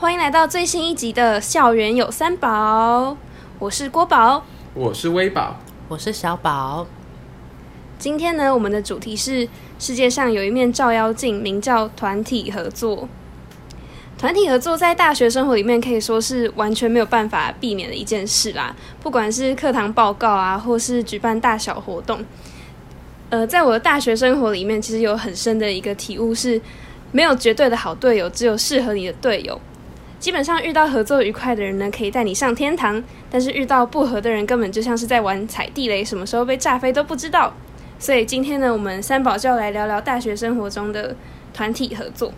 歡迎來到最新一集的《校園有三寶》，我是郭寶，我是微寶，我是小寶。今天呢，我們的主題是世界上有一面照妖鏡，名叫團體合作。團體合作在大學生活裡面可以說是完全沒有辦法避免的一件事啦。不管是課堂報告啊，或是舉辦大小活動，呃，在我的大學生活裡面，其實有很深的一個體悟是，是沒有絕對的好隊友，只有適合你的隊友。基本上遇到合作愉快的人呢，可以帶你上天堂；但是遇到不合的人，根本就像是在玩踩地雷，什麼時候被炸飛都不知道。所以今天呢，我們三寶就要來聊聊大學生活中的團體合作。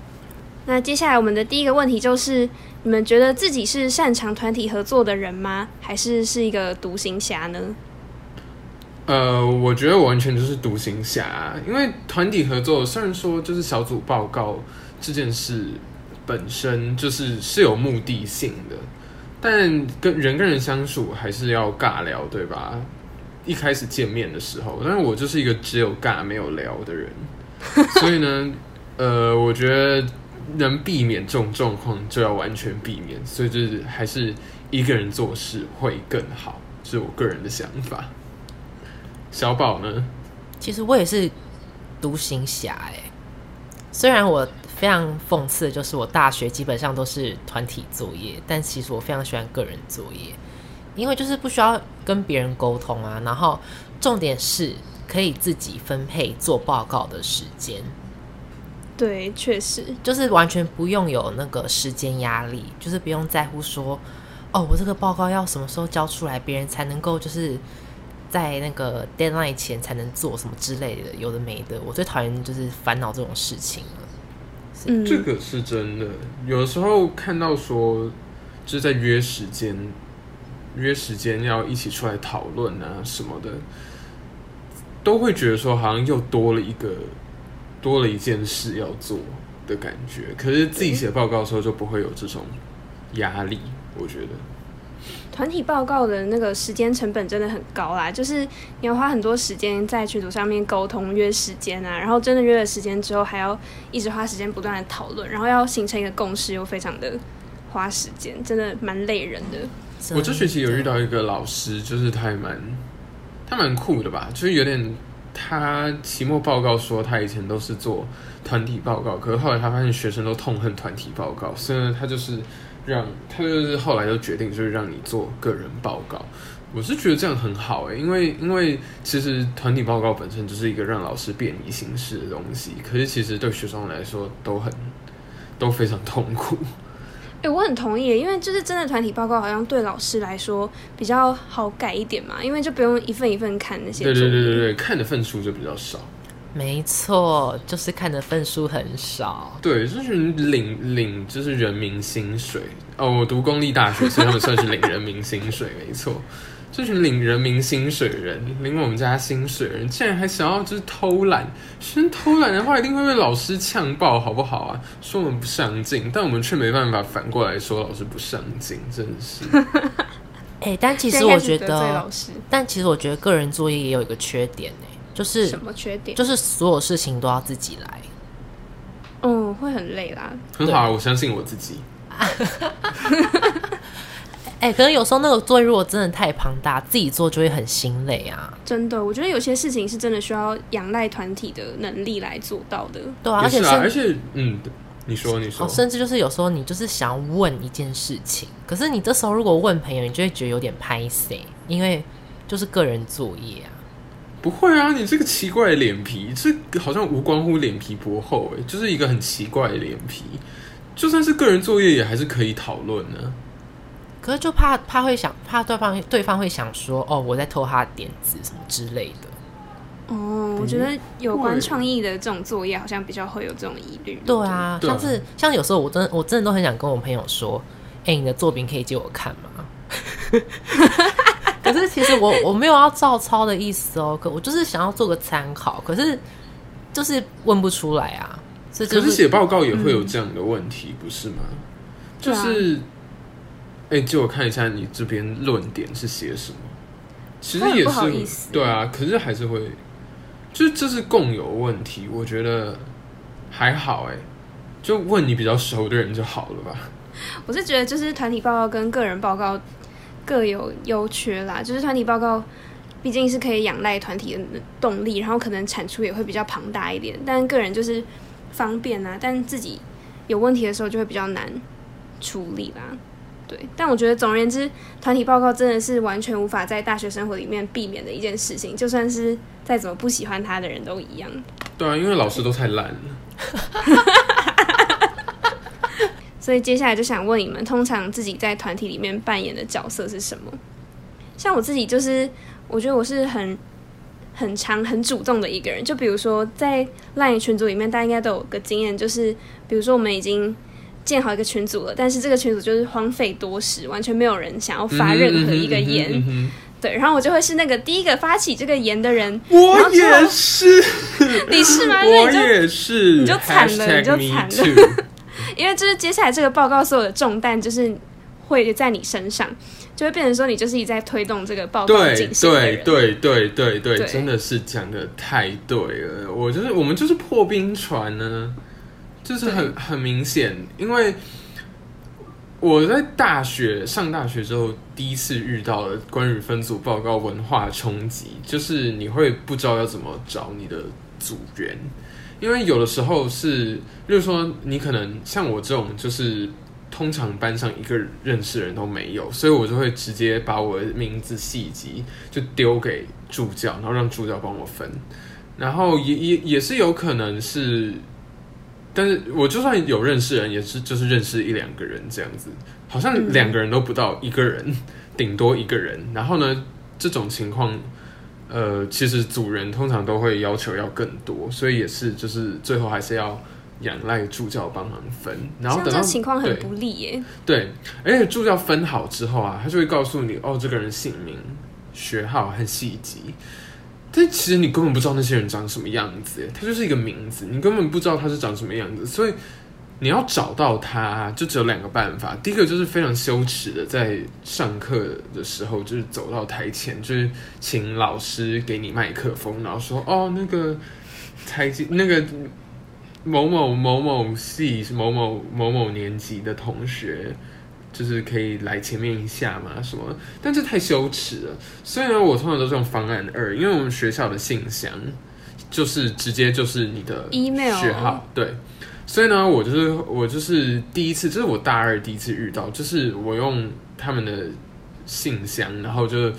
那接下來我們的第一個問題就是：你們覺得自己是擅長團體合作的人嗎？還是是一個獨行俠呢？呃，我覺得我完全就是獨行俠，因為團體合作雖然說就是小組報告這件事。本身就是是有目的性的，但跟人跟人相處還是要尬聊，對吧？一開始見面的時候，但是我就是一個只有尬沒有聊的人， 所以呢，呃，我覺得能避免這種狀況就要完全避免，所以就是還是一個人做事會更好，是我個人的想法。小寶呢，其實我也是獨行俠欸，雖然我。非常諷刺的就是，我大學基本上都是團體作業，但其實我非常喜歡個人作業，因為就是不需要跟別人溝通啊。然後重點是可以自己分配做報告的時間。對，確實就是完全不用有那個時間壓力，就是不用在乎說哦，我這個報告要什麼時候交出來，別人才能夠就是在那個 deadline 前才能做什麼之類的，有的沒的。我最討厭就是煩惱這種事情。嗯，這個是真的，有的時候看到說，就是在約時間，約時間要一起出來討論啊什麼的，都會覺得說好像又多了一個，多了一件事要做的感覺。可是自己寫報告的時候就不會有這種壓力，我覺得。團體報告的那個時間成本真的很高啦，就是你要花很多時間在群組上面溝通，約時間啊，然後真的約了時間之後，還要一直花時間不斷的討論，然後要形成一個共識，又非常的花時間，真的蠻累人的。So, 我這學期有遇到一個老師，就是他還蠻他蠻酷的吧，就是有點他期末報告說他以前都是做團體報告，可是後來他發現學生都痛恨團體報告，所以他就是。讓他就是後來就決定就是讓你做個人報告，我是覺得這樣很好哎，因為因為其實團體報告本身就是一個讓老師便宜行事的東西，可是其實對學生來說都很都非常痛苦。哎、欸，我很同意，因為就是真的團體報告好像對老師來說比較好改一點嘛，因為就不用一份一份看那些，對對對對對，看的份數就比較少。沒錯，就是看的分數很少。對，這群領，領就是人民薪水。哦，我讀公立大學，所以他們算是領人民薪水， 沒錯，這群領人民薪水人，領我們家薪水人，竟然還想要就是偷懶。其實偷懶的話，一定會被老師嗆爆，好不好啊？說我們不上進，但我們卻沒辦法反過來說老師不上進，真是。哎、 欸，但其實我覺得，得罪老師，但其實我覺得個人作業也有一個缺點呢、欸。就是什麼缺點？就是所有事情都要自己來，嗯，會很累啦。對很好，啊，我相信我自己。哎、 欸，可能有時候那個作業如果真的太龐大，自己做就會很心累啊。真的，我覺得有些事情是真的需要仰賴團體的能力來做到的。對，啊，而且是，是、啊、而且嗯，你說你說、哦，甚至就是有時候你就是想要問一件事情，可是你這時候如果問朋友，你就會覺得有點歹勢，因為就是個人作業啊。不會啊，你這個奇怪的臉皮，這好像無關乎臉皮薄厚誒，就是一個很奇怪的臉皮。就算是個人作業，也還是可以討論呢。可是就怕怕會想，怕對方對方會想說，哦，我在偷他的點子什麼之類的。嗯，我覺得有關創意的這種作業，好像比較會有這種疑慮。對，對啊，像是對像有時候，我真的我真的都很想跟我朋友說，哎，你的作品可以借我看嗎？ 可是其實我我沒有要照抄的意思哦，可我就是想要做個參考。可是就是問不出來啊，所以可是寫報告也會有這樣的問題，嗯、不是嗎？就是，哎、啊，借、欸、我看一下你這邊論點是寫什麼？其實也是，對啊。可是還是會，就這、就是共有問題，我覺得還好哎。就問你比較熟的人就好了吧。我是覺得就是團體報告跟個人報告。各有優缺啦，就是團體報告畢竟是可以仰賴團體的動力，然後可能產出也會比較龐大一點。但個人就是方便啊，但自己有問題的時候就會比較難處理啦。對，但我覺得總而言之，團體報告真的是完全無法在大學生活裡面避免的一件事情，就算是再怎麼不喜歡他的人都一樣。對啊，因為老師都太懶了。 所以接下來就想問你們，通常自己在團體裡面扮演的角色是什麼？像我自己就是，我覺得我是很、很長、很主動的一個人。就比如說在 LINE 群組裡面，大家應該都有個經驗，就是比如說我們已經建好一個群組了，但是這個群組就是荒廢多時，完全沒有人想要發任何一個言。對，然後我就會是那個第一個發起這個言的人。我也是，後後 你是嗎？我也是，你就慘 了，你就慘了。因為就是接下來這個報告所有的重擔，就是會在你身上，就會變成說你就是一再推動這個報告進行的對。對對對對對，對對對對真的是講得太對了。我就是我們就是破冰船呢、啊，就是很對很明顯，因為我在大學上大學之後，第一次遇到了關於分組報告文化衝擊，就是你會不知道要怎麼找你的組員。因為有的時候是，例如說，你可能像我這種，就是通常班上一個認識人都沒有，所以我就會直接把我的名字系級就丟給助教，然後讓助教幫我分。然後也也也是有可能是，但是我就算有認識人，也是就是認識一兩個人這樣子，好像兩個人都不到一個人，頂多一個人。然後呢，這種情況。呃，其實主人通常都會要求要更多，所以也是就是最後還是要仰賴助教幫忙分。然後這種情況很不利耶。對，而且、欸、助教分好之後啊，他就會告訴你哦，這個人姓名、學號很細節，但其實你根本不知道那些人長什麼樣子，他就是一個名字，你根本不知道他是長什麼樣子，所以。你要找到他，就只有兩個辦法。第一個就是非常羞恥的，在上課的時候，就是走到台前，就是請老師給你麥克風，然後說：“哦，那個台，經那個某某某某某系某某某某年級的同學，就是可以來前面一下嘛什麼。”但這太羞恥了。所以呢，我通常都是用方案二，因為我們學校的信箱就是直接就是你的 email 學號、e、對。所以呢，我就是我就是第一次，這、就是我大二第一次遇到，就是我用他們的信箱，然後就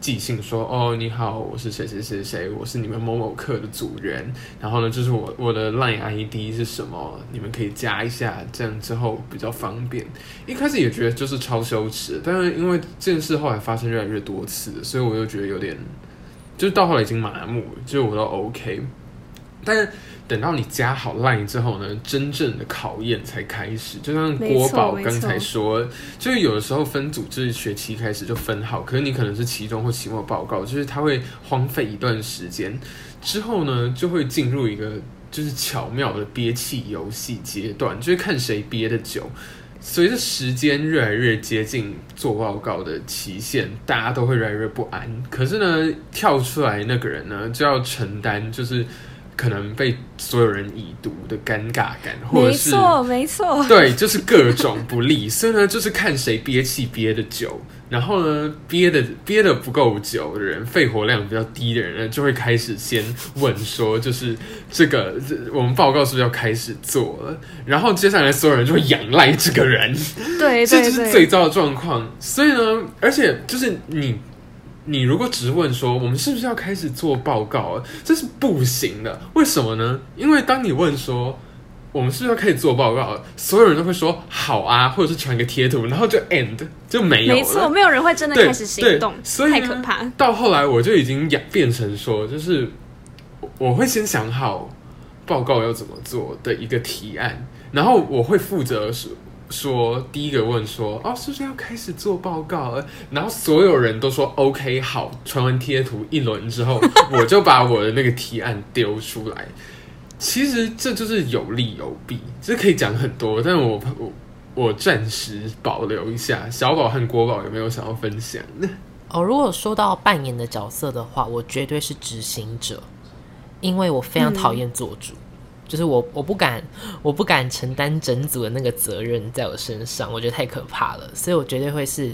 寄信說，哦，你好，我是誰誰誰誰，我是你們某某課的組員，然後呢，就是我我的 line ID 是什麼，你們可以加一下，這樣之後比較方便。一開始也覺得就是超羞恥，但是因為這件事後來發生越來越多次，所以我又覺得有點，就是到後來已經麻木了，就我都 OK。但是等到你加好 LINE 之後呢，真正的考驗才開始。就像郭寶剛才說，就是有的時候分組、就是學期開始就分好，可是你可能是期中或期末報告，就是他會荒廢一段時間之後呢，就會進入一個就是巧妙的憋氣遊戲階段，就是看誰憋得久。隨着時間越來越接近做報告的期限，大家都會越來越不安。可是呢，跳出來那個人呢，就要承擔就是。可能被所有人已讀的尷尬感，或是沒錯沒錯，對，就是各種不利。 所以呢，就是看誰憋氣憋的久，然後呢，憋的憋的不夠久的人，肺活量比較低的人呢，就會開始先問說，就是這個我們報告是不是要開始做了？然後接下來所有人就會仰賴這個人，對,對，對， 這就是最糟的狀況。所以呢，而且就是你，你如果只問說，我們是不是要開始做報告了，這是不行的。為什麼呢？因為當你問說，我們是不是要開始做報告了，所有人都會說好啊，或者是傳個貼圖，然後就 end 就沒有了。沒錯，沒有人會真的開始行動，太可怕。所以到後來我就已經變成說，就是我會先想好報告要怎麼做的一個提案，然後我會負責落說第一個問說哦，是不是要開始做報告了？然後所有人都說 OK 好。傳完貼圖一輪之後， 我就把我的那個提案丟出來。其實這就是有利有弊，這可以講很多，但我我我暫時保留一下。小寶和國寶有沒有想要分享？哦，如果說到扮演的角色的話，我絕對是執行者，因為我非常討厭做主。嗯就是我，我不敢，我不敢承擔整組的那個責任在我身上，我覺得太可怕了，所以我絕對會是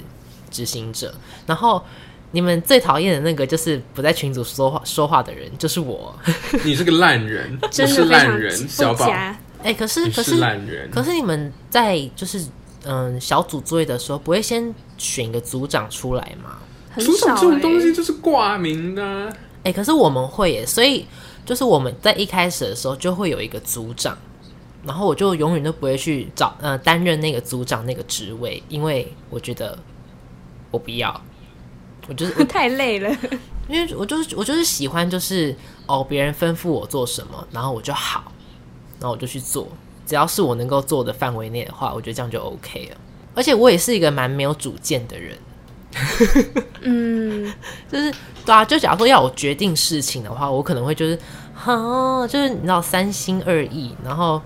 執行者。然後你們最討厭的那個就是不在群組說話說話的人，就是我。你是個爛人，真 是爛人，小寶報。哎、欸，可是可是爛人，可是你們在就是嗯、呃、小組作業的時候，不會先選一個組長出來嗎？欸、組長這種東西就是掛名的、啊。哎、欸，可是我們會耶，所以。就是我們在一開始的時候就會有一個組長，然後我就永遠都不會去找呃擔任那個組長那個職位，因為我覺得我不要，我就是我太累了，因為我就是我就是喜歡就是哦別人吩咐我做什麼，然後我就好，然後我就去做，只要是我能夠做的範圍內的話，我覺得這樣就 OK 了，而且我也是一個蠻沒有主見的人。 嗯，就是對啊，就假如說要我決定事情的話，我可能會就是，哈、哦，就是你知道三心二意，然後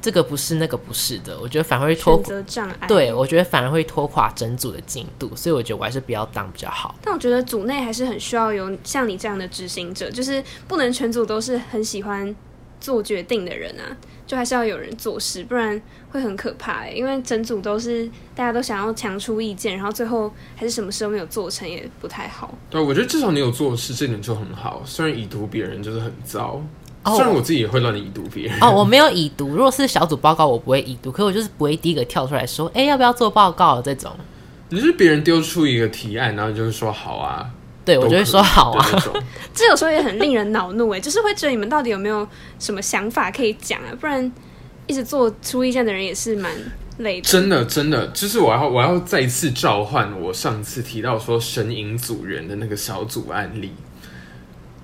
這個不是那個不是的，我覺得反而會拖。障礙。對，我覺得反而會拖垮整組的進度，所以我覺得我還是不要當比較好。但我覺得組內還是很需要有像你這樣的執行者，就是不能全組都是很喜歡做決定的人啊，就還是要有人做事，不然。會很可怕誒、欸，因為整組都是大家都想要強出意見，然後最後還是什麼事都沒有做成，也不太好。對，我覺得至少你有做事，這點就很好，雖然已讀別人就是很糟，oh. 雖然我自己也會亂已讀別人。哦，oh, 我沒有已讀，如果是小組報告我不會已讀， 可是我就是不會第一個跳出來說，哎、欸，要不要做報告這種？你就是別人丟出一個提案，然後你就是說好啊。對，我就會說好啊這種， 這有時候也很令人惱怒誒、欸， 就是會覺得你們到底有沒有什麼想法可以講啊，不然。一直做出一站的人也是蠻累的。真的，真的，就是我要我要再次召喚我上次提到說神隱組員的那個小組案例。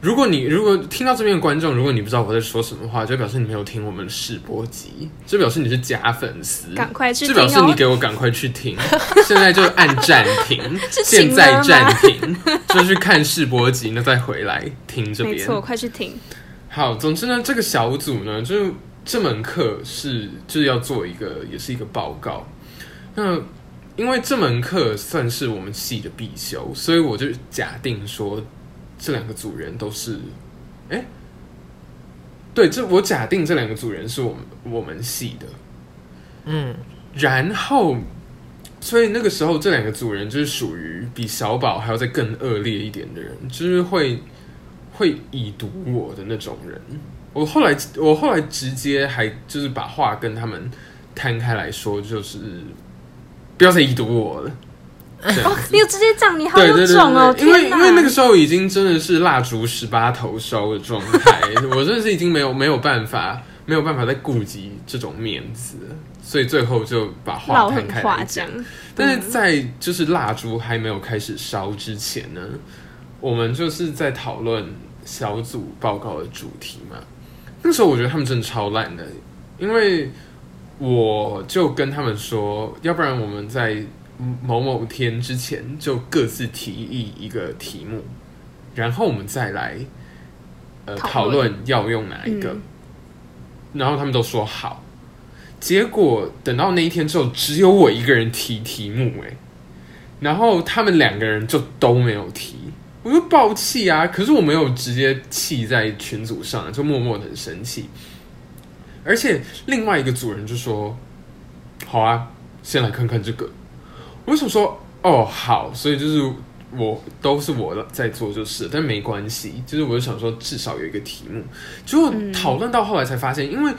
如果你如果聽到這邊的觀眾，如果你不知道我在說什麼話，就表示你沒有聽我們的試播集，就表示你是假粉絲。趕快去聽，就表示你給我趕快去聽，去聽現在就按暫停， 現在暫停，就去看試播集，那再回來聽這邊。沒錯，快去聽。好，總之呢，這個小組呢就。這門課是就是要做一個，也是一個報告。那因為這門課算是我們系的必修，所以我就假定說這兩個組員都是，哎，對，這我假定這兩個組員是我們我們系的，嗯。然後，所以那個時候這兩個組員就是屬於比小寶還要再更惡劣一點的人，就是會會以毒我的那種人。我後來，我後來直接還就是把話跟他們攤開來說，就是不要再已讀我了。哦，你有直接講，你好有種哦！因為因為那個時候已經真的是蠟燭十八頭燒的狀態，我真的是已經沒有沒有辦法，沒有辦法再顧及這種面子，所以最後就把話攤開來講。但是在就是蠟燭還沒有開始燒之前呢，我們就是在討論小組報告的主題嘛。那時候我覺得他們真的超爛的，因為我就跟他們說，要不然我們在某某天之前就各自提議一個題目，然後我們再來呃、討論要用哪一個。嗯、然後他們都說好，結果等到那一天之後，只有我一個人提題目，欸，誒，然後他們兩個人就都沒有提。我就爆氣啊！可是我沒有直接氣在群組上、啊，就默默的很生氣。而且另外一個組人就說：“好啊，先來看看這個。”我為什麼說“哦好”？所以就是我都是我在做，就是，但沒關係，就是我就想說，至少有一個題目。結果討論、嗯、到後來才發現，因為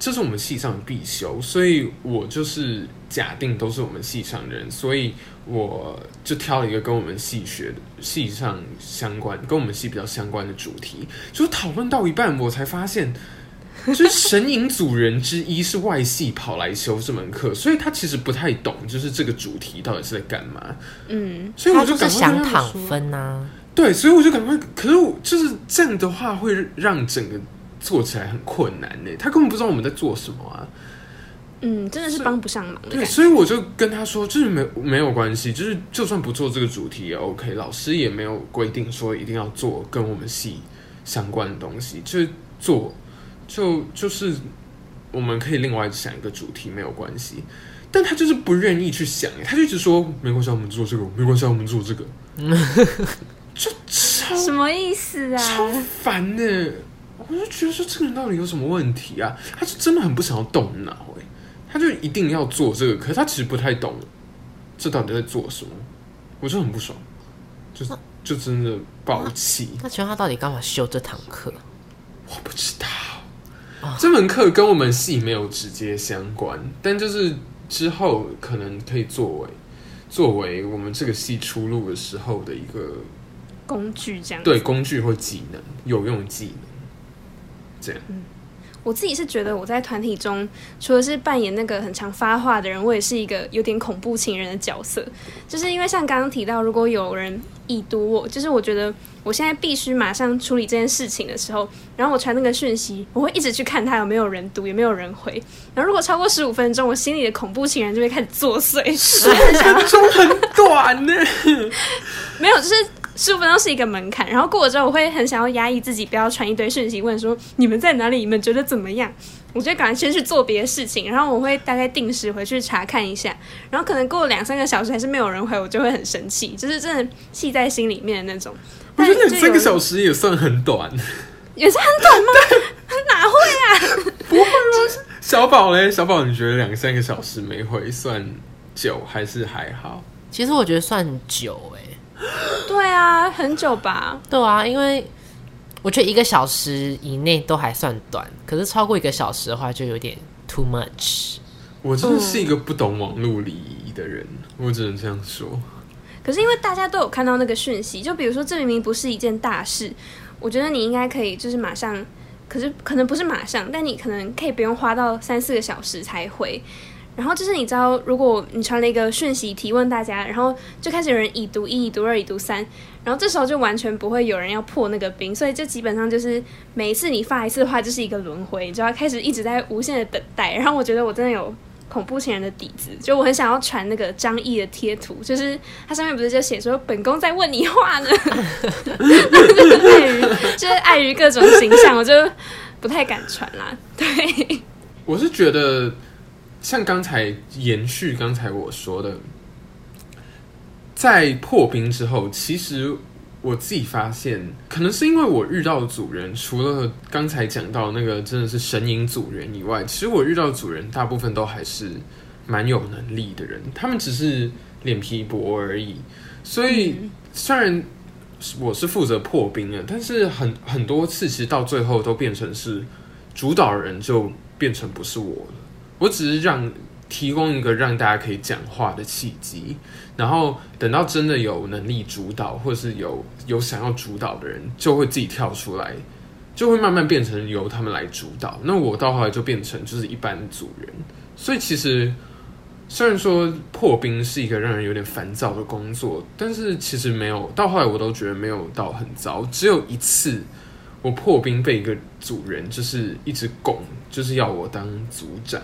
這是我們系上必修，所以我就是假定都是我們系上人，所以。我就挑了一個跟我們系學的系上相關、跟我們系比較相關的主題，就討論到一半，我才發現，就是神隱主人之一是外系跑來修這門課， 所以他其實不太懂，就是這個主題到底是在幹嘛。嗯，所以我就趕快跟他說他就是想躺分呢、啊。對，所以我就趕快。可是我就是這樣的話，會讓整個做起來很困難呢。他根本不知道我們在做什麼啊。嗯，真的是幫不上忙。對，所以我就跟他說，就是沒沒有關係，就是就算不做這個主題也 OK。老師也沒有規定說一定要做跟我們系相關的東西，就做就就是我們可以另外想一個主題沒有關係。但他就是不願意去想，他就一直說沒關係，我們做這個，沒關係，我們做這個， 就超什麼意思啊？超煩的，我就覺得說這個人到底有什麼問題啊？他是真的很不想要動腦耶。他就一定要做這個，可是他其實不太懂，這到底在做什麼，我就很不爽，就就真的爆氣、啊。那請問他到底幹嘛修這堂課？我不知道，啊、這門課跟我們系沒有直接相關，但就是之後可能可以作為作為我們這個系出路的時候的一個工具這樣。對，工具或技能，有用技能這樣。嗯我自己是覺得我在團體中，除了是扮演那個很常發話的人，我也是一個有點恐怖情人的角色。就是因為像剛剛提到，如果有人已讀我，就是我覺得我現在必須馬上處理這件事情的時候，然後我傳那個訊息，我會一直去看他有沒有人讀，有沒有人回。然後如果超過十五分鐘，我心裡的恐怖情人就會開始作祟。十分鐘很短呢？沒有，就是。十五分鐘是一個門檻，然後過了之後，我會很想要壓抑自己，不要傳一堆訊息，問說你們在哪裡，你們覺得怎麼樣？我就趕快先去做別的事情。然後我會大概定時回去查看一下，然後可能過兩三個小時還是沒有人回，我就會很生氣，就是真的氣在心裡面的那種。我覺得你三個小時也算很短，也是很短嗎？ 但 哪會啊？不會嗎 小寶嘞，小寶，你覺得兩三個小時沒回算久還是還好？其實我覺得算久誒、欸。 對啊，很久吧。對啊，因為我覺得一個小時以內都還算短，可是超過一個小時的話就有點 too much。我真的是一個不懂網絡禮儀的人，Oh. 我只能這樣說。可是因為大家都有看到那個訊息，就比如說，這明明不是一件大事，我覺得你應該可以就是馬上，可是可能不是馬上，但你可能可以不用花到三四個小時才回。然後就是你知道，如果你傳了一個訊息提問大家，然後就開始有人已讀一、已讀二、已讀三，然後這時候就完全不會有人要破那個冰，所以就基本上就是每一次你發一次的話就是一個輪回，你知道它開始一直在無限的等待。然後我覺得我真的有恐怖情人的底子，就我很想要傳那個張譯的貼圖，就是他上面不是就寫說“本宮在問你話呢”，然後就礙於就是礙於各種形象，我就不太敢傳啦。對，我是覺得。像剛才延續剛才我說的，在破冰之後，其實我自己發現，可能是因為我遇到的組人，除了剛才講到那個真的是神隱組人以外，其實我遇到的組人大部分都還是蠻有能力的人，他們只是臉皮薄而已。所以雖然我是負責破冰的，但是很很多次其實到最後都變成是主導人，就變成不是我了，我只是讓提供一個讓大家可以講話的契機，然後等到真的有能力主導或是有有想要主導的人，就會自己跳出來，就會慢慢變成由他們來主導。那我到後來就變成就是一般組員，所以其實雖然說破冰是一個讓人有點煩躁的工作，但是其實沒有到後來我都覺得沒有到很糟。只有一次我破冰被一個組員，就是一直拱，就是要我當組長。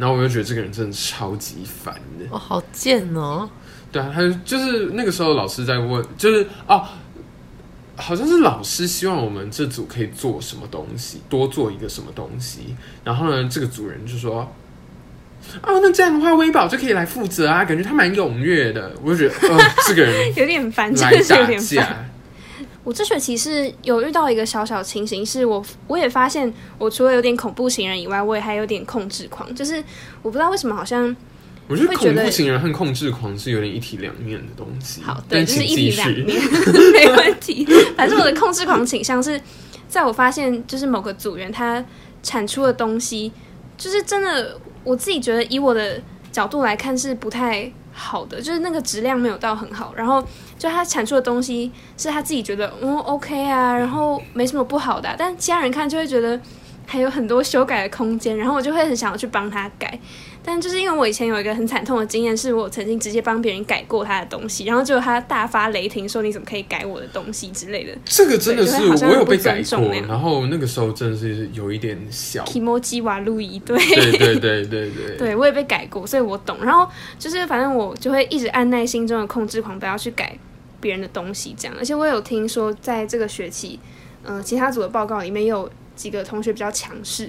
然後我就覺得這個人真的超級煩的，哦，好賤哦！對啊，他就是那個時候老師在問，就是哦，好像是老師希望我們這組可以做什麼東西，多做一個什麼東西。然後呢，這個組人就說，哦，那這樣的話微寶就可以來負責啊，感覺他蠻踴躍的。我就覺得，呃，這個人 有點煩，真的是有點煩。我這學期是有遇到一個小小情形，是我我也發現，我除了有點恐怖情人以外，我也還有點控制狂。就是我不知道為什麼好像會，我覺得恐怖情人和控制狂是有點一體兩面的東西。好的，對，就是一體兩面， 沒問題。反正我的控制狂傾向是，在我發現就是某個組員他產出的東西，就是真的我自己覺得以我的角度來看是不太。好的，就是那個質量沒有到很好，然後就他產出的東西是他自己覺得嗯、哦、OK 啊，然後沒什麼不好的，啊，但其他人看就會覺得還有很多修改的空間，然後我就會很想要去幫他改。但就是因為我以前有一個很慘痛的經驗，是我曾經直接幫別人改過他的東西，然後結果他大發雷霆說：“你怎麼可以改我的東西之類的？”這個真的是好像會會我有被改過，然後那個時候真的是有一點小，気持ち悪い對對對對對，對,對，對我也被改過，所以我懂。然後就是反正我就會一直按耐心中的控制狂，不要去改別人的東西這樣。而且我有聽說，在這個學期，嗯、呃，其他組的報告裡面也有幾個同學比較強勢。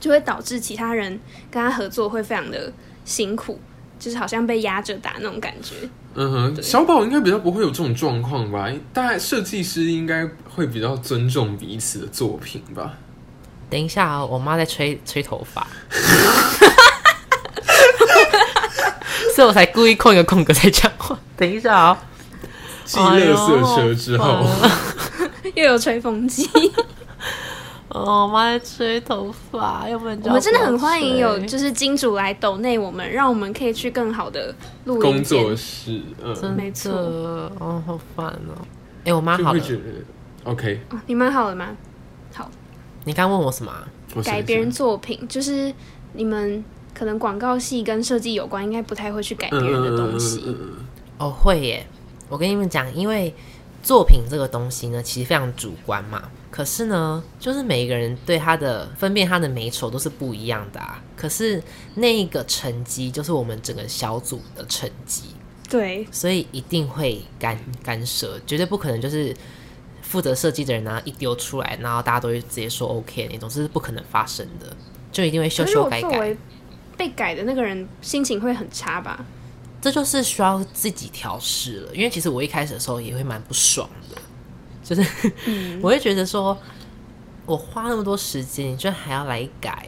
就會導致其他人跟他合作會非常的辛苦，就是好像被壓着打那種感覺。嗯哼，對小寶應該比較不會有這種狀況吧？大概設計師應該會比較尊重彼此的作品吧。等一下、哦，我媽在吹吹頭髮，所以我才故意空一個空格在講話。等一下啊、哦，繼垃圾車之後、哎、又有吹風機。 哦，我媽在吹頭髮，要不然我們真的很歡迎有就是金主來抖內我們，讓我們可以去更好的錄音工作室，嗯，真沒錯。哦，好煩哦。哎、欸，我媽好了。OK、哦。你們好了嗎？好。你剛問我什麼？改別人作品，是是就是你們可能廣告系跟設計有關，應該不太會去改別人的東西。嗯、哦，會耶。我跟你們講，因為作品這個東西呢，其實非常主觀嘛。可是呢，就是每一個人對他的分辨他的美醜都是不一樣的啊。可是那一個成績就是我們整個小組的成績，對，所以一定會干干涉，絕對不可能就是負責設計的人呢一丟出來，然後大家都會直接說 OK，那種是不可能發生的，就一定會修修改改。我作為被改的那個人，心情會很差吧？這就是需要自己調適了，因為其實我一開始的時候也會蠻不爽的。就是，我會覺得說，我花那麼多時間，你居然還要來改。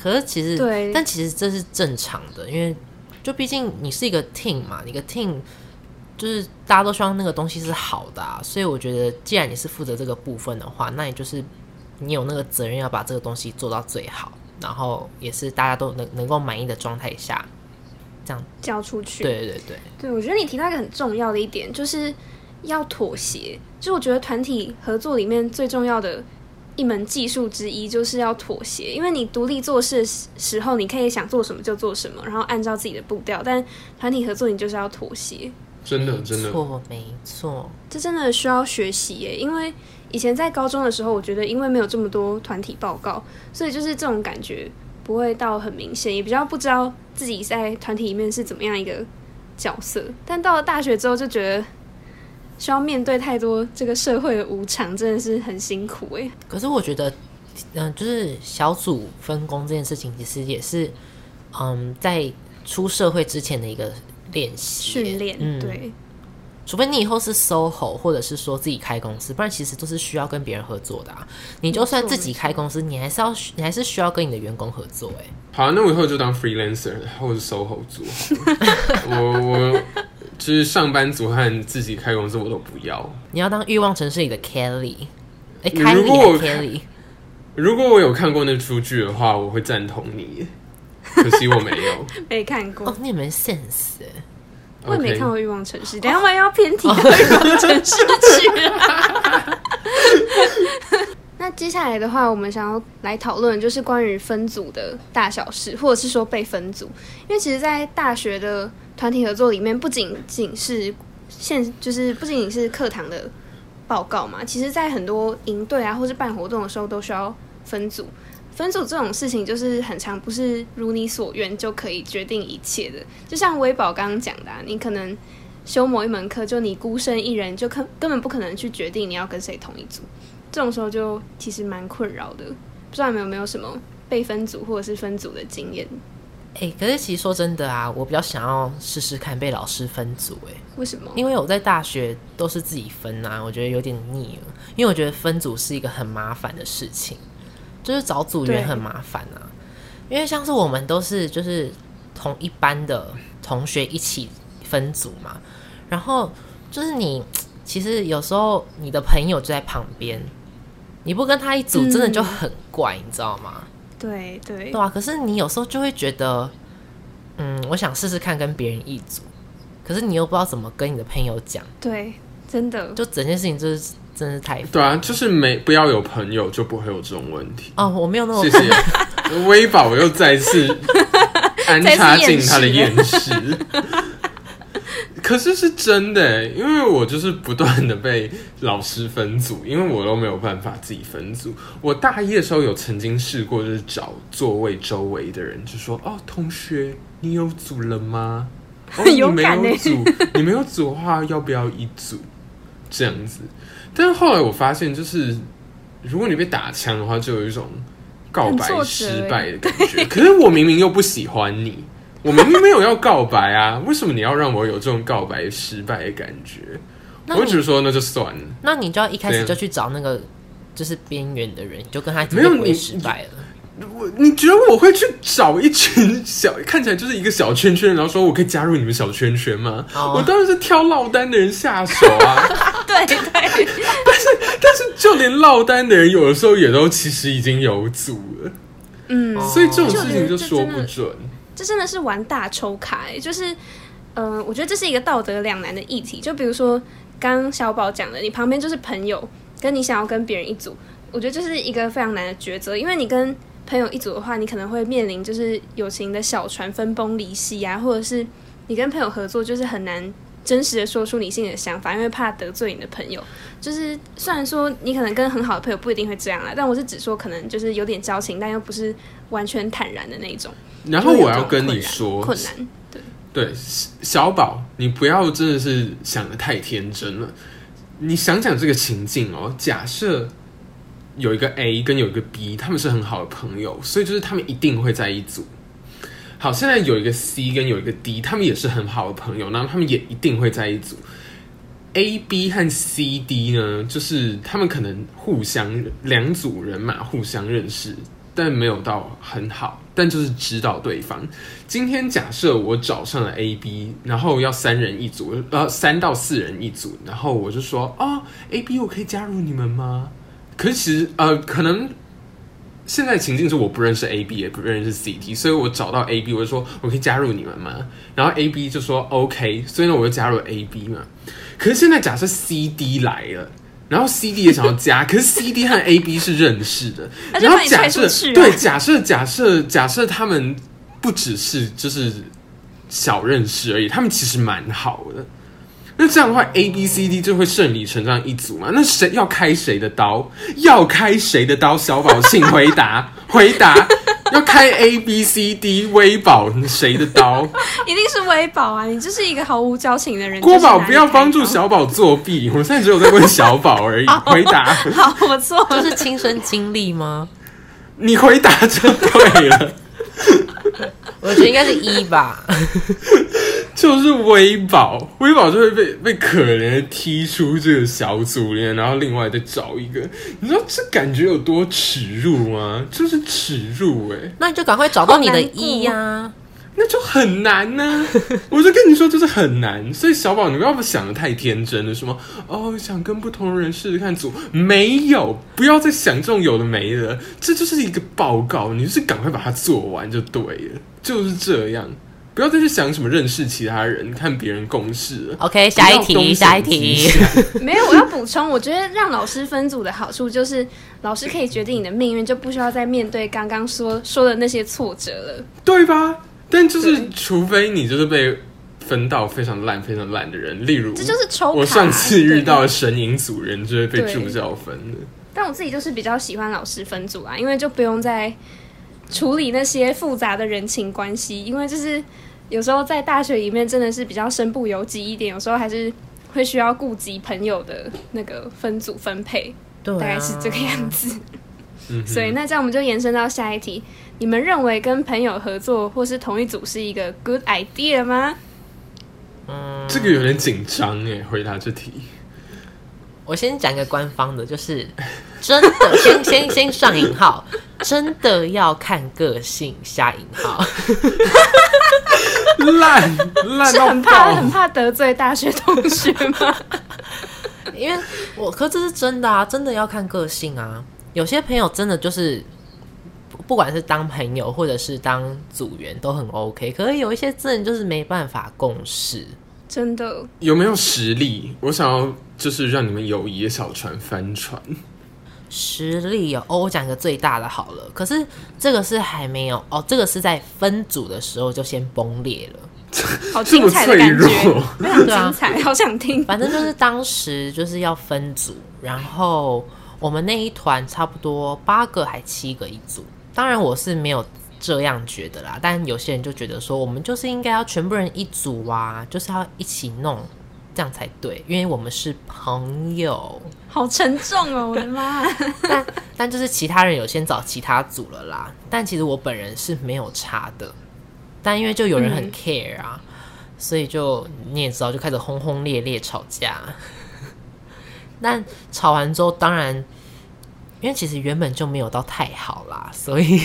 可是其實，對，但其實這是正常的，因為就畢竟你是一個 team 嘛，一個 team 就是大家都希望那個東西是好的啊，所以我覺得既然你是負責這個部分的話，那你就是你有那個責任要把這個東西做到最好，然後也是大家都能能夠滿意的狀態下，這樣交出去。對對對，對，對，對，我覺得你提到一個很重要的一點就是。要妥協，就我覺得團體合作裡面最重要的一門技術之一就是要妥協。因為你獨立做事的時候，你可以想做什麼就做什麼，然後按照自己的步調；但團體合作，你就是要妥協。真的，真的，沒錯，沒錯，這真的需要學習耶。因為以前在高中的時候，我覺得因為沒有這麼多團體報告，所以就是這種感覺不會到很明顯，也比較不知道自己在團體裡面是怎麼樣一個角色。但到了大學之後，就覺得。需要面對太多這個社會的無常，真的是很辛苦哎、欸。可是我覺得，嗯、呃，就是小組分工這件事情，其實也是，嗯，在出社會之前的一個練習訓練。去練，嗯、對。除非你以後是 SOHO，或者是說自己開公司，不然其實都是需要跟別人合作的啊。你就算自己開公司，沒錯，你還是要你還是需要跟你的員工合作哎、欸。好，那我以後就當 freelancer，或者 SOHO 做。我我。其實上班族和自己開公司我都不要。你要當欲望城市裡的 Kelly，哎，欸、如果我如果我有看過那出劇的話，我會贊同你。可惜我沒有， 沒看過，你沒、oh, sense。Okay. 我也沒看過欲望城市，等下我們要偏題。欲望城市。那接下來的話，我們想要來討論，就是關於分組的大小事，或者是說被分組，因為其實，在大學的。團體合作裡面不僅僅是現，就是不僅僅是課堂的報告嘛，其實在很多營隊啊，或是辦活動的時候，都需要分組。分組這種事情就是很常不是如你所願就可以決定一切的。就像微寶剛剛講的啊，你可能修某一門課，就你孤身一人就，就根本不可能去決定你要跟誰同一組。這種時候就其實蠻困擾的。不知道你們有沒有什麼被分組或者是分組的經驗？哎、欸，可是其實說真的啊，我比較想要試試看被老師分組、欸。誒，為什麼？因為我在大學都是自己分啊，我覺得有點膩了。因為我覺得分組是一個很麻煩的事情，就是找組員很麻煩啊。對因為像是我們都是就是同一班的同學一起分組嘛，然後就是你其實有時候你的朋友就在旁邊，你不跟他一組，真的就很怪，嗯、你知道嗎？對對對啊！可是你有時候就會覺得，嗯，我想試試看跟別人一組，可是你又不知道怎麼跟你的朋友講。對，真的，就整件事情就是真的是太……對啊，就是沒不要有朋友就不會有這種問題哦。我沒有那種謝謝， 威寶又再次安插進他的眼屍。 可是是真的欸，因為我就是不斷的被老師分組，因為我都沒有辦法自己分組。我大一的時候有曾經試過，就是找座位周圍的人，就說：“哦，同學，你有組了嗎？哦，你沒有組，你沒有組的話，要不要一組？這樣子。”但是後來我發現，就是如果你被打槍的話，就有一種告白失敗的感覺。可是我明明又不喜歡你。 我們沒有要告白啊，為什麼你要讓我有這種告白失敗的感覺？你我只是說那就算了。那你就要一開始就去找那個就是邊緣的人，樣就跟他一起沒有你失敗了。你我你覺得我會去找一群小看起來就是一個小圈圈，然後說我可以加入你們小圈圈嗎？Oh. 我當然是挑落單的人下手啊。對對 對。對 但是但是就連落單的人，有的時候也都其實已經有組了。嗯，mm. 所以這種事情就說不準。Oh. 這真的是玩大抽卡耶，就是，嗯、呃，我覺得這是一個道德兩難的議題。就比如說，剛小寶講的，你旁邊就是朋友，跟你想要跟別人一組，我覺得這是一個非常難的抉擇，因為你跟朋友一組的話，你可能會面臨就是友情的小船分崩離析啊，或者是你跟朋友合作就是很難。真實的說出你心裡的想法，因為怕得罪你的朋友。就是雖然說你可能跟很好的朋友不一定會這樣啦，但我是只說可能就是有點交情，但又不是完全坦然的那種。然後我要跟你說，困難，困難。對對，小寶，你不要真的是想得太天真了。你想想這個情境哦，假設有一個 A 跟有一個 B，他們是很好的朋友，所以就是他們一定會在一組。好，現在有一個 C 跟有一個 D，他們也是很好的朋友，然後他們也一定會在一組。A、B 和 C、D 呢，就是他們可能互相兩組人馬互相認識，但沒有到很好，但就是知道對方。今天假設我找上了 A、B，然後要三人一組，呃，三到四人一組，然後我就說，哦，A、B，我可以加入你們嗎？可是其，呃，可能。現在情境是我不認識 AB 也不認識 CD，所以我找到 AB 我就說我可以加入你們嗎？然後 AB 就說 OK，所以呢我就加入了 AB 嘛。可是現在假設 CD 來了，然後 CD 也想要加， 可是 CD 和 AB 是認識的。 然後假設、啊、對，假設假設假設他們不只是就是小認識而已，他們其實蠻好的。那這樣的話，A B C D 就會順理成章一組嘛？那誰要開誰的刀？要開誰的刀？小寶，請回答， 回答。要開 A B C D，微寶誰的刀？一定是微寶啊！你就是一個毫無交情的人。郭寶不要幫助小寶作弊， 我現在只有在問小寶而已。 好回答。好，我做，我是親身經歷嗎？你回答就對了。 我覺得應該是一、e、吧。 就是微寶，微寶就會被被可憐的踢出這個小組，然後另外再找一個。你知道這感覺有多恥辱嗎？就是恥辱誒、欸，那你就趕快找到你的 E 呀、啊！那就很難吶、啊。 我就跟你說，就是很難。所以小寶，你不要把想的太天真了，是嗎？哦，想跟不同人試試看組，沒有，不要再想這種有的沒的，這就是一個報告，你就是趕快把它做完就對了，就是這樣。不要再去想什麼認識其他人、看別人共事 OK，下一題，下一題。 沒有，我要補充。我覺得讓老師分組的好處就是，老師可以決定你的命運，就不需要再面對剛剛說說的那些挫折了。對吧？但就是，對除非你就是被分到非常爛、非常爛的人，例如這就是抽卡。我上次遇到神隱組人，就會被助教分了。但我自己就是比較喜歡老師分組啊，因為就不用再。處理那些複雜的人情關係，因為就是有時候在大學裡面真的是比較身不由己一點，有時候還是會需要顧及朋友的那個分組分配，對啊，大概是這個樣子。嗯哼，所以那這樣我們就延伸到下一題，你們認為跟朋友合作或是同一組是一個 good idea 嗎？嗯，這個有點緊張哎，回答這題。我先講個官方的，就是真的， 先先先上引號，真的要看個性下引號，爛爛到很怕很怕得罪大學同學嗎？ 因為我可這是真的啊，真的要看個性啊。有些朋友真的就是不管是當朋友或者是當組員都很 OK，可是有一些人就是沒辦法共事，真的有沒有實力？我想要。就是讓你們友誼的小船翻船，實力有哦，哦，我講一個最大的好了。可是這個是還沒有哦，這個是在分組的時候就先崩裂了，好精彩的感覺，非常精彩， 啊，好想聽。反正就是當時就是要分組，然後我們那一團差不多八個還七個一組，當然我是沒有這樣覺得啦，但有些人就覺得說我們就是應該要全部人一組啊，就是要一起弄。這樣才對，因為我們是朋友。好沉重哦，我的媽！ 但但就是其他人有先找其他組了啦。但其實我本人是沒有差的。但因為就有人很 care 啊，嗯、所以就你也知道，就開始轟轟烈烈吵架。 但吵完之後，當然，因為其實原本就沒有到太好啦，所以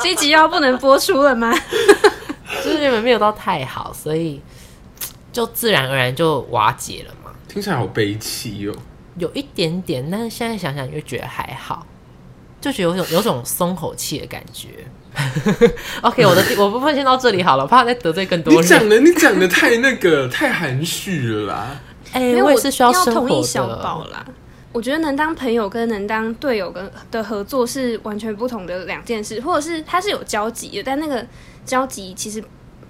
這 一集要不能播出了嗎？ 就是原本沒有到太好，所以。就自然而然就瓦解了嘛。聽起來好悲戚哦，有一點點，但是現在想想又覺得還好，就覺得有種有種鬆口氣的感覺。 OK，我的我不會先到這裡好了，怕我怕再得罪更多人。你講的你講的太那個 太含蓄了啦，哎、欸，我是需要，因為我要同意小寶啦。我覺得能當朋友跟能當隊友跟的合作是完全不同的兩件事，或者是他是有交集的，但那個交集其實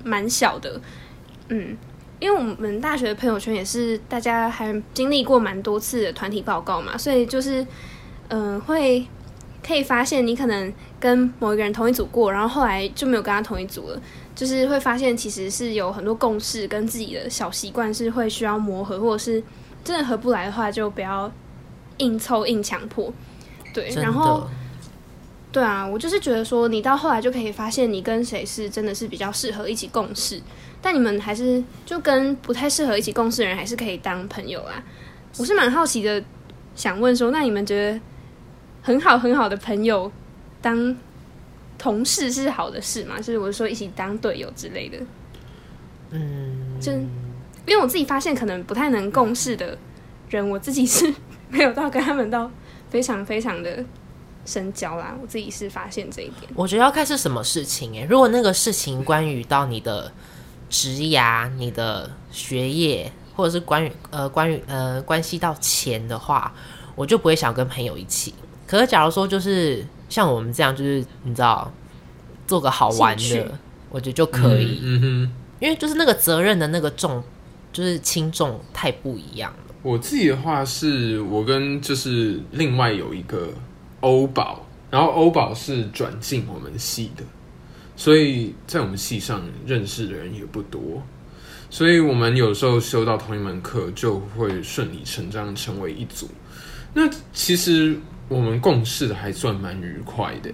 蠻小的，嗯。因為我們大學的朋友圈也是大家還經歷過蠻多次的團體報告嘛，所以就是，嗯、呃，會可以發現你可能跟某一個人同一組過，然後後來就沒有跟他同一組了，就是會發現其實是有很多共識跟自己的小習慣是會需要磨合，或者是真的合不來的話，就不要硬湊硬強迫，對，然後。對啊，我就是覺得說，你到後來就可以發現，你跟誰是真的是比較適合一起共事，但你們還是就跟不太適合一起共事的人，還是可以當朋友啊。我是蠻好奇的，想問說，那你們覺得很好很好的朋友當同事是好的事嗎？就是我是說一起當隊友之類的，嗯，就因為我自己發現，可能不太能共事的人，我自己是沒有到跟他們到非常非常的。深交啦，啊，我自己是發現這一點。我覺得要看是什麼事情哎、欸，如果那個事情關於到你的職業、啊、嗯、你的學業，或者是關於呃關於呃關係到錢的話，我就不會想跟朋友一起。可是假如說就是像我們這樣，就是你知道，做個好玩的，去我覺得就可以。嗯，嗯哼，因為就是那個責任的那個重，就是輕重太不一樣了。我自己的話是，我跟就是另外有一個。歐寶，然後歐寶是轉進我們系的，所以在我們系上認識的人也不多，所以我們有時候修到同一門課，就會順理成章成為一組。那其實我們共事的還算蠻愉快的，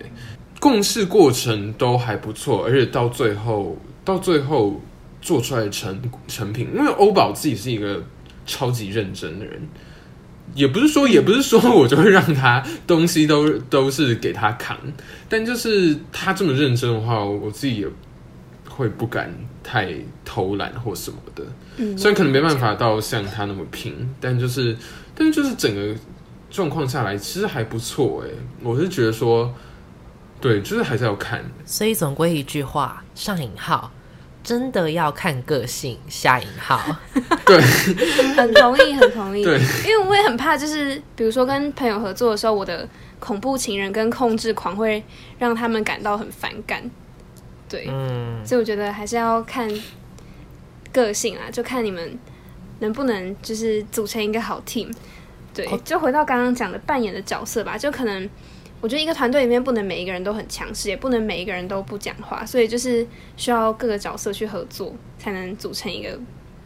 共事過程都還不錯，而且到最後，到最後做出來的成成品，因為歐寶自己是一個超級認真的人。也不是說，也不是說我就會讓他東西都、嗯、都是給他扛，但就是他這麼認真的話，我自己也會不敢太偷懶或什麼的。嗯、雖然可能沒辦法到像他那麼拼，嗯、但就是，但就是整個狀況下來，其實還不錯哎。我是覺得說，對，就是還是要看。所以總歸一句話，上引號。真的要看個性，下引號，對，很同意，很同意，對，因為我也很怕，就是比如說跟朋友合作的時候，我的恐怖情人跟控制狂會讓他們感到很反感，對，嗯，所以我覺得還是要看個性啊，就看你們能不能就是組成一個好 team，對，就回到剛剛講的扮演的角色吧，就可能。我覺得一個團隊裡面不能每一個人都很強勢，也不能每一個人都不講話，所以就是需要各個角色去合作，才能組成一個